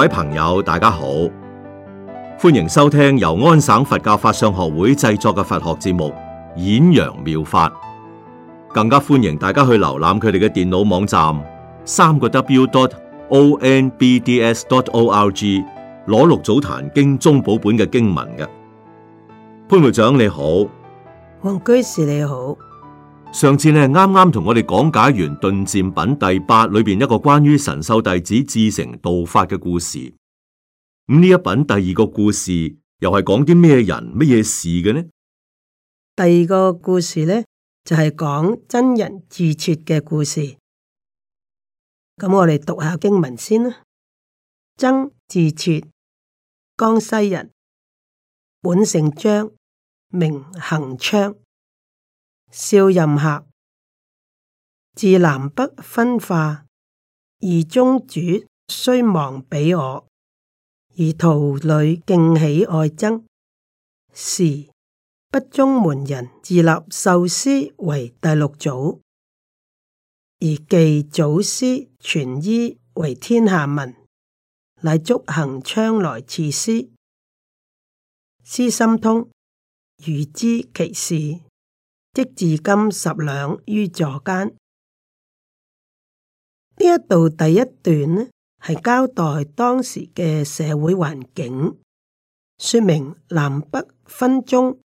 各位朋友，大家好，歡迎收聽由安省佛教法相學會製作嘅佛學節目《演揚妙法》，更加歡迎大家去瀏覽佢哋嘅電腦網站三個 w dot o n b d s dot o r g 攞六祖壇經宗寶本嘅經文嘅。潘會長你好，王居士你好。上次咧，啱啱同我哋講解完《頓漸品》第八裏邊一個關於神秀弟子志誠道法嘅故事。咁、嗯、呢一品第二個故事又係講啲咩人、乜嘢事嘅呢？第二個故事呢，就係、是、講真人志徹嘅故事。咁我哋讀下經文先啦。僧志徹，江西人，本姓張，名行昌。少任俠，自南北分化，而宗主雖亡彼我，而徒侶競起愛憎。時北宗門人自立秀師為第六祖，而忌祖師傳衣為天下聞，乃囑行昌來刺師，師心通，如知其事。即置金十兩於座間。呢一度第一段呢，係交代當時嘅社會環境，說明南北分宗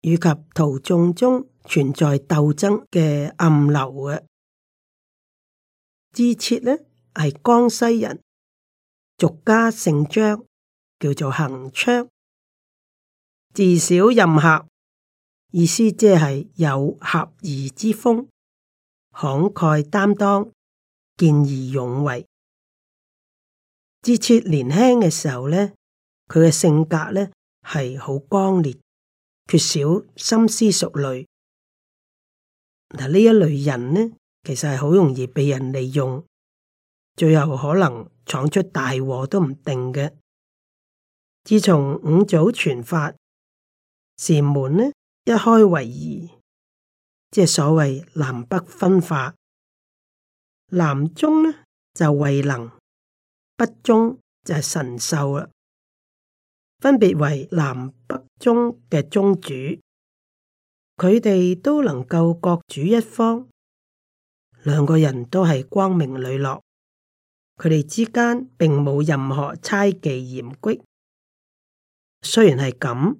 以及徒眾中，中存在鬥爭嘅暗流嘅。志徹呢係江西人，俗家姓張，叫做行昌，自小任俠。意思即係有俠義之風，慷慨擔當，見義勇為。之前年輕嘅時候呢，佢嘅性格呢係好剛烈，缺少深思熟慮。嗱，呢一類人呢，其實係好容易被人利用，最後可能闖出大禍都唔定嘅。自從五祖傳法，禪門呢。一開為二，即係所謂南北分化。南宗呢就慧能，北宗就係神秀啦。分別為南北宗嘅宗主，佢哋都能夠各主一方。兩個人都係光明磊落，佢哋之間並冇任何猜忌嫌隙。雖然係咁。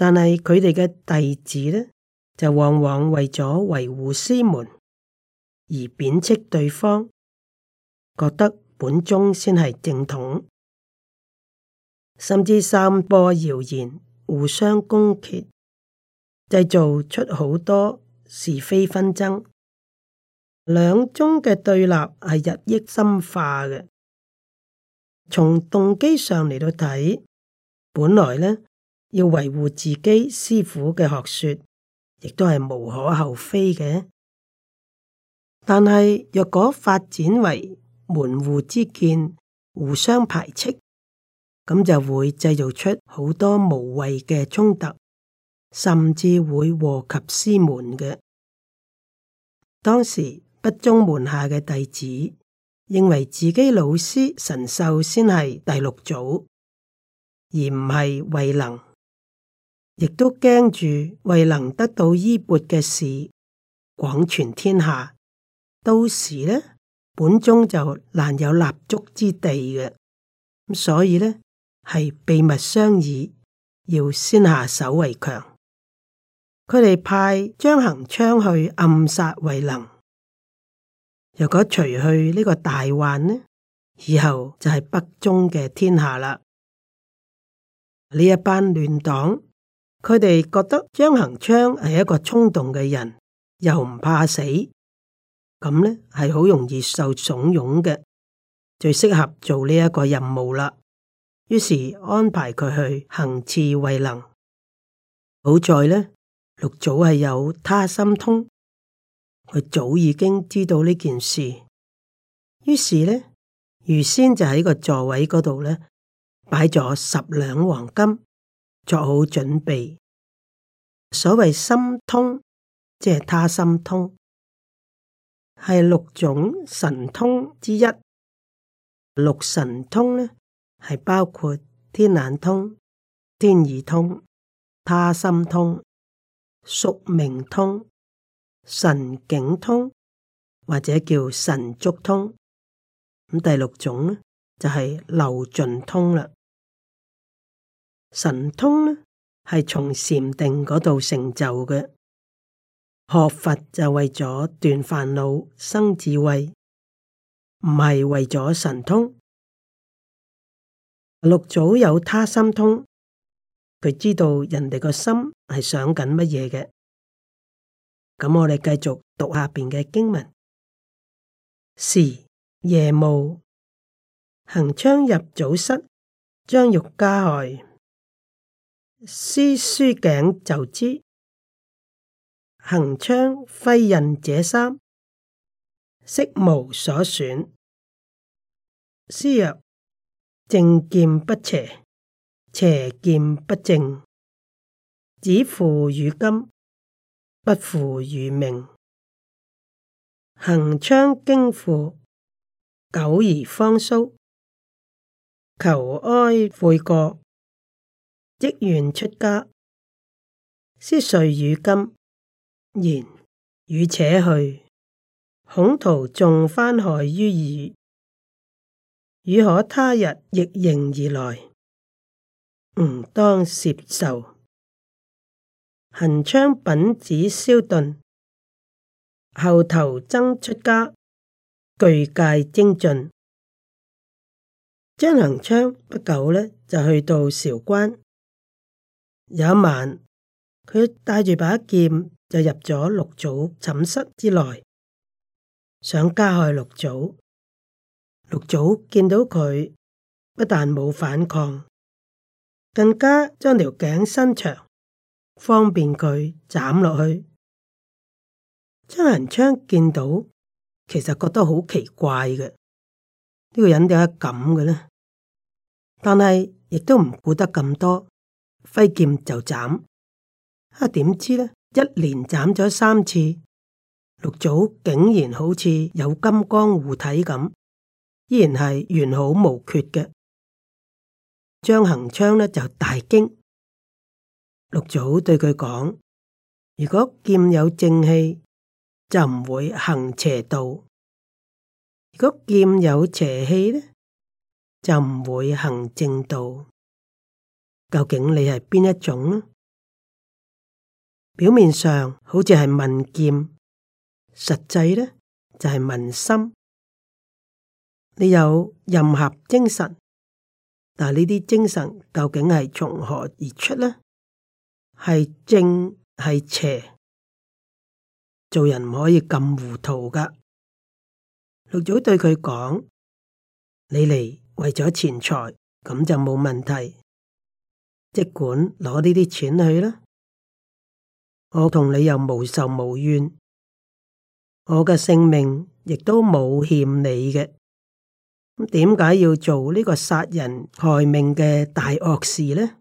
但係佢哋嘅弟子咧，就往往為咗維護師門而貶斥對方，覺得本宗先係正統，甚至散播謠言，互相攻訐，製造出好多是非紛爭。兩宗嘅對立係日益深化嘅。從動機上嚟到睇，本來咧，要維護自己師傅嘅學說，亦都係無可厚非嘅。但係若果發展為門戶之見，互相排斥，咁就會製造出好多無謂嘅衝突，甚至會禍及師門嘅。當時北宗門下嘅弟子認為自己老師神秀先係第六祖，而唔係慧能。亦都驚住，未能得到衣鉢嘅事廣傳天下，到時呢，本宗就難有立足之地嘅。咁所以呢，係秘密商議，要先下手為強。佢哋派張行昌去暗殺慧能，若果除去呢個大患呢，以後就係北宗嘅天下啦。呢一班亂黨。佢哋覺得張恒昌係一個衝動嘅人，又唔怕死，咁咧係好容易受慫恿嘅，最適合做呢一個任務啦，於是安排佢去行刺慧能。好在咧，六祖係有他心通，佢早已經知道呢件事。於是咧，預先就喺個座位嗰度咧擺咗十兩黃金。做好準備。所謂心通，即係他心通，係六種神通之一。六神通呢，係包括天眼通、天耳通、他心通、宿命通、神境通，或者叫神足通。咁第六種呢，就係、是、漏盡通啦。神通呢係從禪定嗰度成就嘅。學佛就為咗斷煩惱、生智慧，唔係為咗神通。六祖有他心通，佢知道人哋個心係想緊乜嘢嘅。咁我哋繼續讀下邊嘅經文：時夜暮，行昌入祖室，將欲加害。師舒頸就之，行昌揮刃者三，悉無所損。師曰：「正劍不邪，邪劍不正，只負汝金，不負汝命。」行昌驚仆，久而方蘇，求哀悔過。益願出家，施稅與金，言與且去，恐徒眾翻害於爾，汝可他日逆形而來，吾當攝受。行昌品子宵遁，後投曾出家，具戒精進。張行昌不久呢，就去到韶關。有一晚，佢帶住把劍就入咗六祖寢室之內，想加害六祖。六祖見到佢，不但冇反抗，更加將條頸伸長，方便佢斬落去。張銀昌見到，其實覺得好奇怪嘅，呢、這個人點解咁嘅咧？但係亦都唔顧得咁多。揮劍就斬，啊點知呢？一連斬咗三次，六祖竟然好似有金剛護體咁，依然係完好無缺嘅。張行昌呢就大驚，六祖對佢講：如果劍有正氣，就唔會行邪道；如果劍有邪氣呢，就唔會行正道。究竟你係邊一種呢？表面上好似係民劍，實際呢就係、是、民心。你有任何精神，但係呢啲精神究竟係從何而出呢？係正係邪？做人唔可以咁糊塗噶。六祖對佢講：你嚟為咗錢財，咁就冇問題。即管攞呢啲錢去啦，我同你又無仇無怨，我嘅性命亦都冇欠你嘅，咁點解要做呢個殺人害命嘅大惡事呢？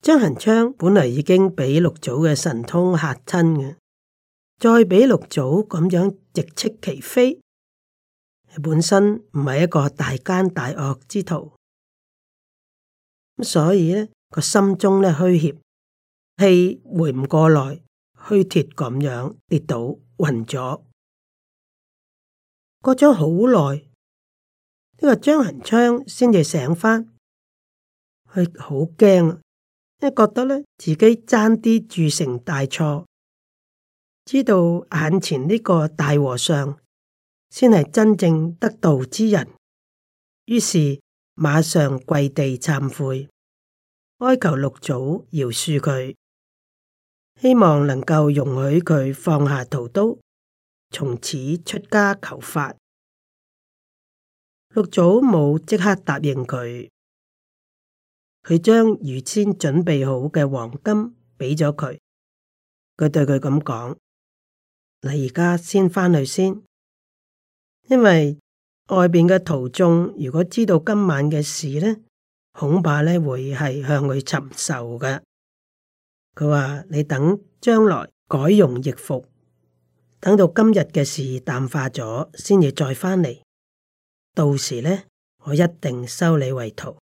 張行昌本嚟已經俾六祖嘅神通嚇親嘅，再畀六祖咁樣直斥其非，本身唔係一個大奸大惡之徒。咁所以咧，個心中咧虛怯，氣回唔過來，虛脫咁樣跌倒暈咗。過咗好耐，呢個張恆昌先至醒翻，佢好驚，因為覺得咧，自己爭啲鑄成大錯，知道眼前呢個大和尚先係真正得道之人，於是。馬上跪地懺悔，哀求六祖饒恕佢，希望能夠容許佢放下屠刀，從此出家求法。六祖冇即刻答應佢，佢將預先準備好嘅黃金畀咗佢，佢對佢咁講，你而家先返去先，因為。外邊嘅途中，如果知道今晚嘅事呢，恐怕呢會係向佢尋仇嘅。佢話你等將來改容易服，等到今日嘅事淡化咗，先至再返嚟。到時呢，我一定收你為徒。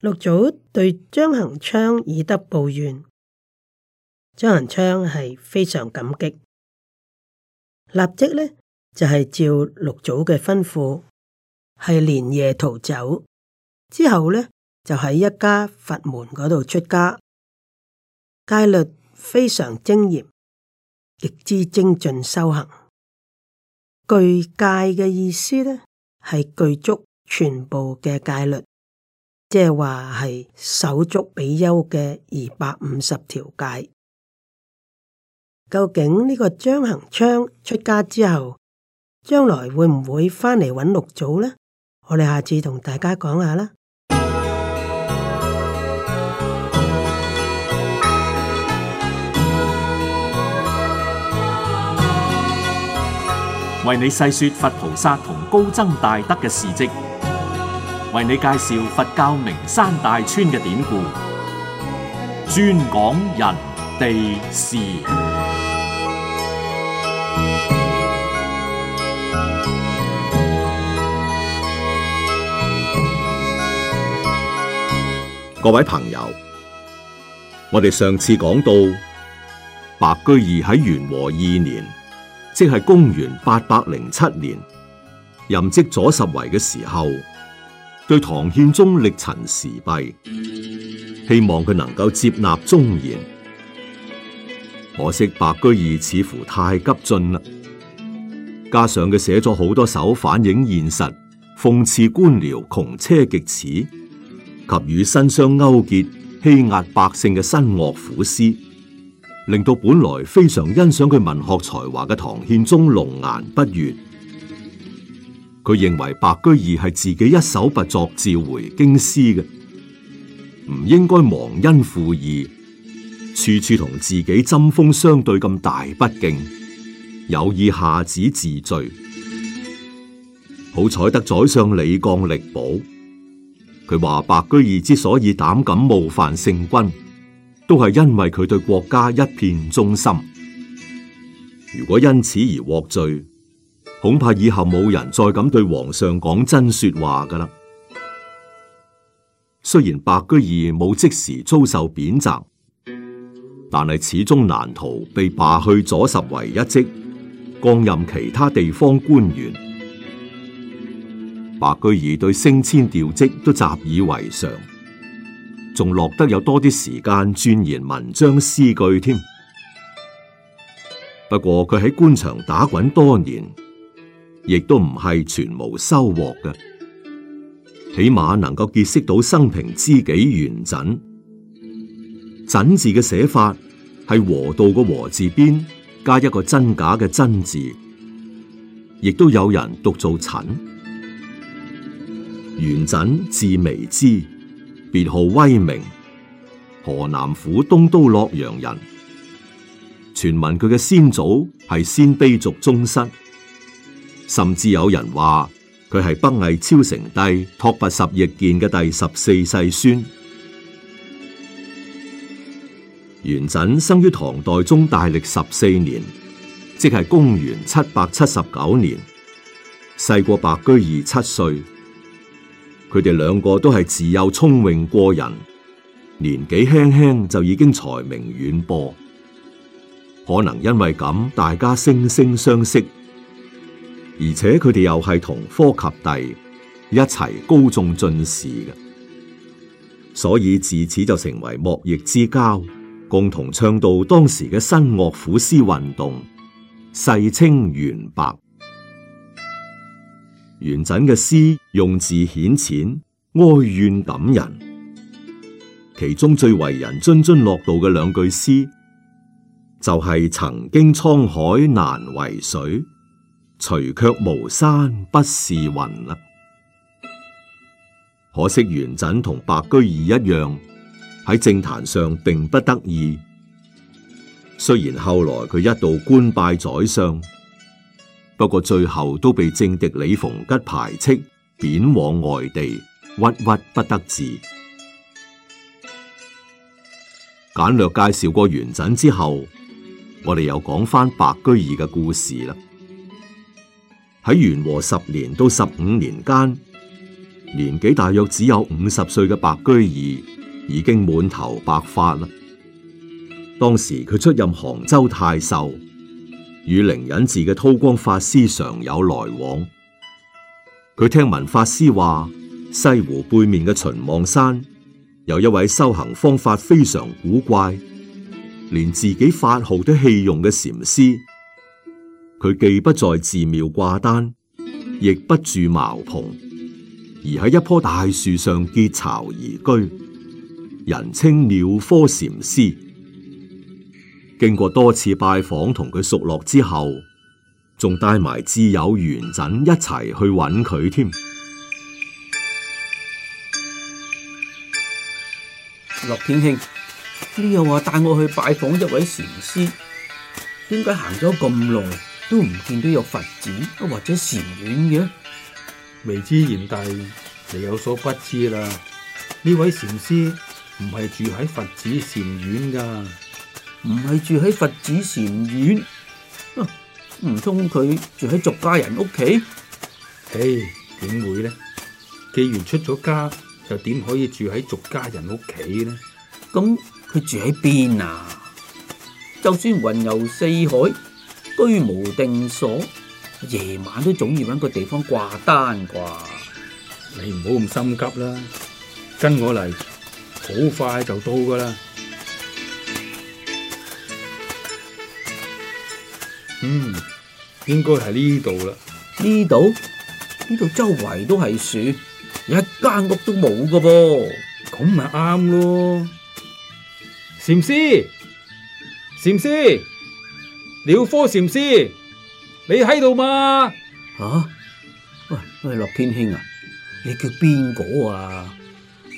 六祖對張行昌以德報怨，張行昌係非常感激，立即呢。就係照六祖嘅吩咐，係連夜逃走之後呢，就喺一家佛門嗰度出家，戒律非常精嚴，極之精進修行。具戒嘅意思呢，係具足全部嘅戒律，即係話係手足比丘嘅二百五十條戒。究竟呢個張行昌出家之後？將來會唔會翻嚟搵六祖呢？我哋下次同大家講下啦。為你細說佛菩薩同高僧大德嘅事跡，為你介紹佛教名山大川嘅典故，專講人地事。各位朋友，我哋上次講到白居易喺元和二年，即係公元八百零七年，任職左拾遺嘅時候，對唐憲宗力陳時弊，希望佢能夠接納忠言。可惜白居易似乎太急進啦，加上佢寫咗好多首反映現實、諷刺官僚窮奢極侈。及與新商勾結欺壓百姓嘅新樂府詩，令到本來非常欣賞佢文學才華嘅唐憲宗龍顏不悅。佢認為白居易係自己一手拔擢召回京師嘅，唔應該忘恩負義，處處同自己針鋒相對咁大不敬，有意下旨治罪。好彩得宰相李絳力保。佢話白居易之所以膽敢冒犯聖君，都係因為佢對國家一片忠心。如果因此而獲罪，恐怕以後冇人再敢對皇上講真說話噶啦。雖然白居易冇即時遭受貶謫，但係始終難逃被罷去左拾遺一職，降任其他地方官員。白居易對升遷調職都習以為常，仲落得有多啲時間鑽研文章詩句添。不過佢喺官場打滾多年，亦都唔係全無收穫嘅，起碼能夠結識到生平知己元稹。稹字嘅寫法係禾稻個禾字邊加一個真假嘅真字，亦都有人讀做陳。元稹字微之，別號威明，河南府東都洛陽人。傳聞佢嘅先祖係鮮卑族宗室，甚至有人話佢係北魏昭成帝拓跋十翼建嘅第十四世孫。元稹生於唐代宗大歷十四年，即係公元七百七十九年，細過白居易七歲。佢哋兩個都係自幼聰穎過人，年紀輕輕就已經才名遠播。可能因為咁，大家惺惺相惜，而且佢哋又係同科及第一齊高中進士嘅，所以自此就成為莫逆之交，共同倡導當時嘅新樂府詩運動，世稱元白。元稹嘅詩用字顯淺，哀怨感人。其中最為人津津樂道嘅兩句詩，就係、是“曾經滄海難為水，除卻巫山不是雲”啦。可惜元稹同白居易一樣，喺政壇上並不得意。雖然後來佢一度官拜宰相。不過最後都被政敵李逢吉排斥，貶往外地，屈屈不得志。簡略介紹過元稹之後，我哋又講返白居易嘅故事啦。喺元和十年到十五年間，年紀大約只有五十歲嘅白居易，已經滿頭白髮啦。當時佢出任杭州太守。與靈隱寺嘅韜光法師常有來往，佢聽聞法師話，西湖背面嘅秦望山有一位修行方法非常古怪，連自己法號都棄用嘅禪師，佢既不在寺廟掛單，亦不住茅棚，而喺一棵大樹上結巢而居，人稱鳥科禪師。經過多次拜訪同佢熟絡之後，仲帶埋摯友元稹一齊去揾佢添。樂天兄，你又話帶我去拜訪一位禪師，點解行咗咁耐都唔見到有佛寺，啊、或者禪院嘅？未知賢弟，你有所不知啦。呢位禪師唔係住喺佛寺禪院噶。唔係住喺佛寺禪院，唔通佢住喺俗家人屋企？唉，點會呢？既然出咗家，又點可以住喺俗家人屋企呢？咁佢、嗯、住喺邊啊？嗯、就算雲遊四海，居無定所，夜晚都總要揾個地方掛單啩？你唔好咁心急啦，跟我嚟，好快就到噶啦。嗯，應該喺呢度啦。呢度？呢度周圍都係樹，一間屋都冇噶噃。咁咪啱咯。禪師，禪師，了科禪師，你喺度嘛？吓、啊？喂喂，樂天兄啊，你叫邊個啊？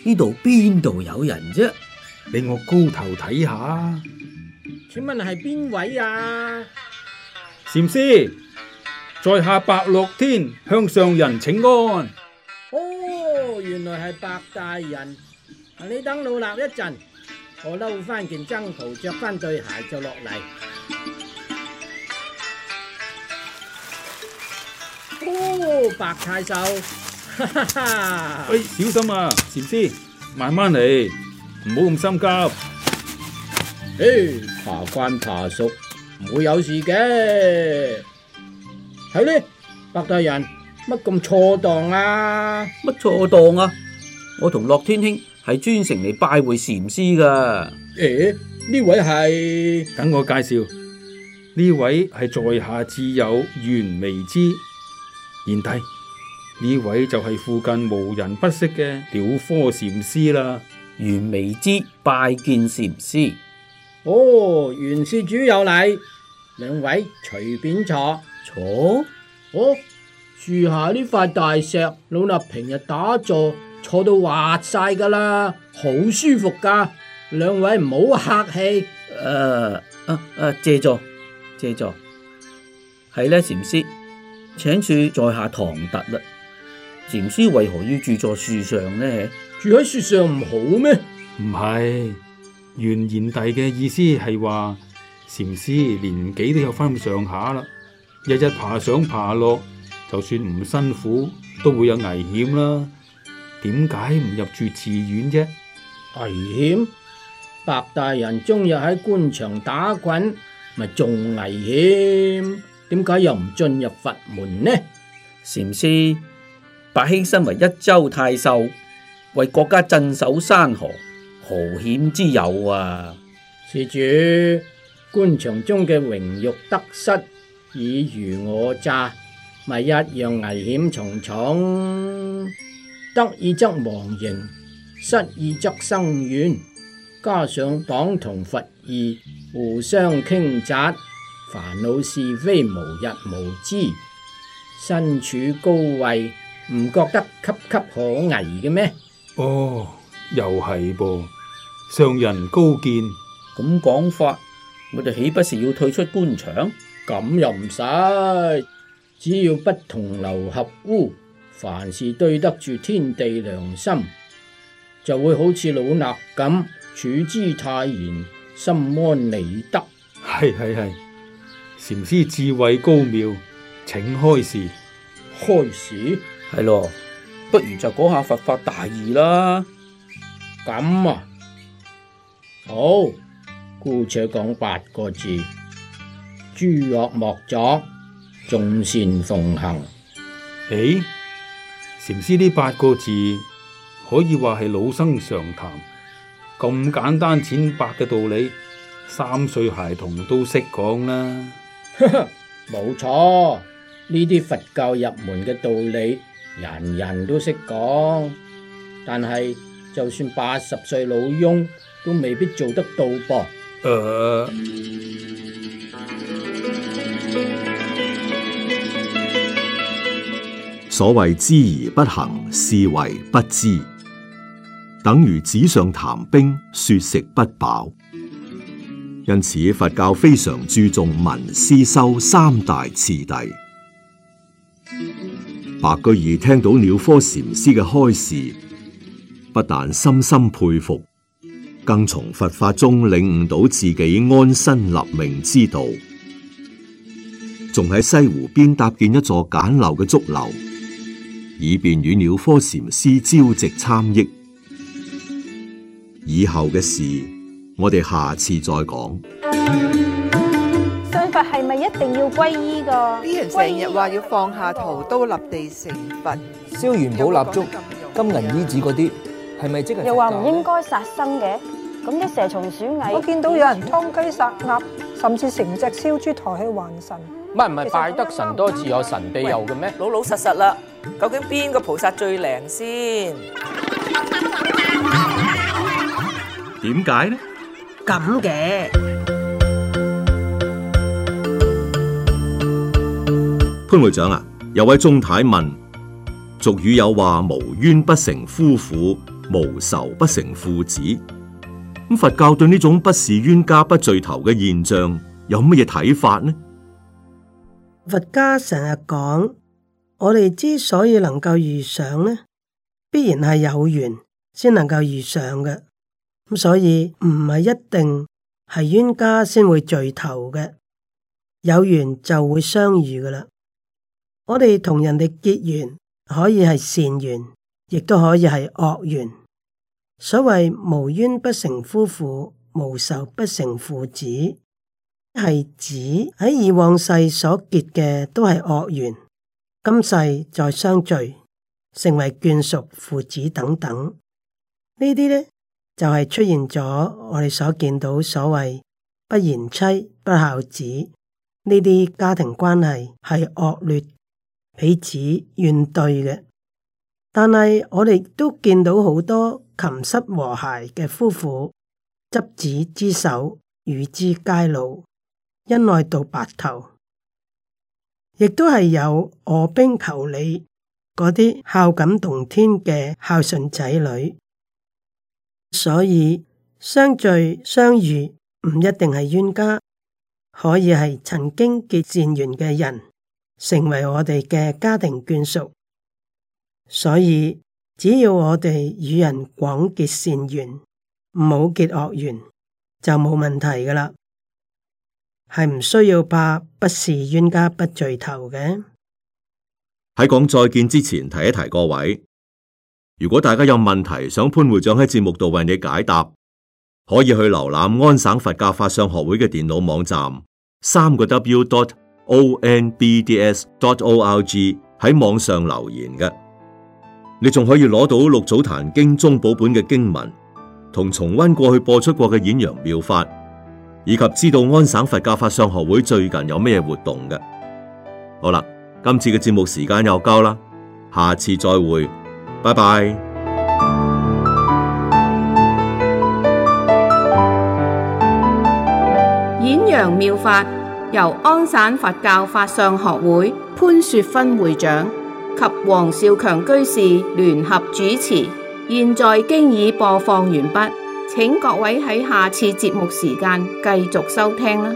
呢度邊度有人啫、啊？俾我高頭睇下。請問係邊位啊？禪師，在下白樂天向上人請安。哦，原來係白大人，你等老衲一陣，我褸翻件僧袍，着翻對鞋就落嚟。哦，白太守，哈哈哈！哎，小心啊，禪師，慢慢嚟，唔好咁心急。誒，爬翻爬熟。唔會有事嘅，係呢，白大人乜咁錯蕩啊？乜錯蕩啊？我同樂天兄係專程嚟拜會禪師噶誒，呢位係？等我介紹，呢位係在下摯友袁眉之賢弟，呢位就係附近無人不識嘅屌科禪師啦。袁眉之拜見禪師。哦，袁施主有禮，兩位隨便坐坐。哦，樹下呢塊大石，老衲平日打坐坐到滑晒噶啦，好舒服噶。兩位唔好客氣。誒、呃，啊、呃、啊、呃，借座，借座。係咧，禪師，請恕在下唐突啦。禪師為何要住在樹上呢？住喺樹上唔好咩？唔係。元賢帝嘅意思係話，禪師年紀都有翻咁上下啦，日日爬上爬落，就算唔辛苦，都會有危險啦。點解唔入住寺院啫？危險？白大人終日喺官場打滾，咪仲危險？點解又唔進入佛門呢？禪師，白卿身為一州太守，為國家鎮守山河。無險之有啊！事主官場中嘅榮辱得失以虞我詐，咪一樣危險重重。得意則忘形，失意則生怨。加上黨同伐異，互相傾軋，煩惱是非無日無之。身處高位，唔覺得岌岌可危嘅咩？哦，又係噃。上人高見，咁講法，我哋豈不是要退出官場？咁又唔使，只要不同流合污，凡事對得住天地良心，就會好似老衲咁處之泰然，心安理得。係係係，禪師智慧高妙，請開示。開示？係咯，不如就講下佛法大義啦。咁啊。好，姑且講八個字，諸惡莫作，眾善奉行。誒，禪師呢八個字可以話係老生常談，咁簡單淺白嘅道理，三歲孩童都識講啦。冇錯， 呢啲佛教入門嘅道理，人人都識講，但係就算八十歲老翁。都未必做得到噃。誒、uh，所謂知而不行，是為不知，等於紙上談兵，說食不飽。因此佛教非常注重聞思修三大次第。白居易聽到鳥科禪師嘅開示，不但深深佩服，更從佛法中領悟到自己安身立命之道，仲喺西湖邊搭建一座簡陋嘅竹樓，以便與鳥科禪師朝夕參益。以後嘅事，我哋下次再講。信佛係咪一定要皈依㗎？啲人成日話要放下屠刀，立地成佛，燒元寶蠟燭、金銀衣紙嗰啲。係咪即係又話唔應該殺生嘅，咁啲蛇蟲鼠蟻，我見到有人劏雞殺鴨，甚至成隻燒豬抬去還神，乜唔係拜得神多自有神庇佑嘅咩？老老實實啦，究竟邊個菩薩最靈先？點解呢？咁嘅潘會長啊，有位鍾太問俗語有話無冤不成夫婦。無仇不成父子，咁佛教對呢種不是冤家不聚頭嘅現象有乜嘢睇法呢？佛家成日講，我哋之所以能夠遇上呢，必然係有緣先能夠遇上嘅。咁所以唔係一定係冤家先會聚頭嘅，有緣就會相遇㗎啦。我哋同人哋結緣可以係善緣，亦都可以係惡緣，所謂無冤不成夫婦，無仇不成父子，係指喺以往世所結嘅都係惡緣，今世再相聚，成為眷屬父子等等，呢啲呢，就係、是、出現咗我哋所見到所謂不賢妻不孝子呢啲家庭關係係惡劣，彼此怨對嘅。但係我哋都見到好多琴瑟和諧嘅夫婦，執子之手，與之偕老，恩愛到白頭。亦都係有臥冰求鯉嗰啲孝感動天嘅孝順仔女。所以相聚相遇唔一定係冤家，可以係曾經結善緣嘅人，成為我哋嘅家庭眷屬。所以只要我哋與人廣結善緣，唔好結惡緣，就冇問題㗎喇。係唔需要怕不是冤家不聚頭嘅。喺講再見之前，提一提各位，如果大家有問題想潘會長喺節目度為你解答，可以去瀏覽安省佛教法相學會嘅電腦網站，三個 w dot o n b d s dot o r g 喺網上留言嘅。你仲可以攞到《六祖壇經》中寶本嘅經文，同重温過去播出過嘅演揚妙法，以及知道安省佛教法相學會最近有咩活動嘅。好啦，今次嘅節目時間又夠啦，下次再會，拜拜。演揚妙法由安省佛教法相學會潘雪芬會長，及黃少強居士聯合主持，現在經已播放完畢，請各位喺下次節目時間繼續收聽啦。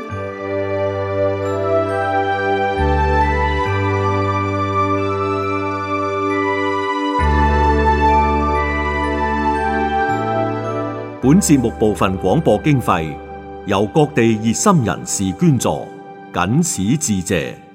本節目部分廣播經費由各地熱心人士捐助，謹此致謝。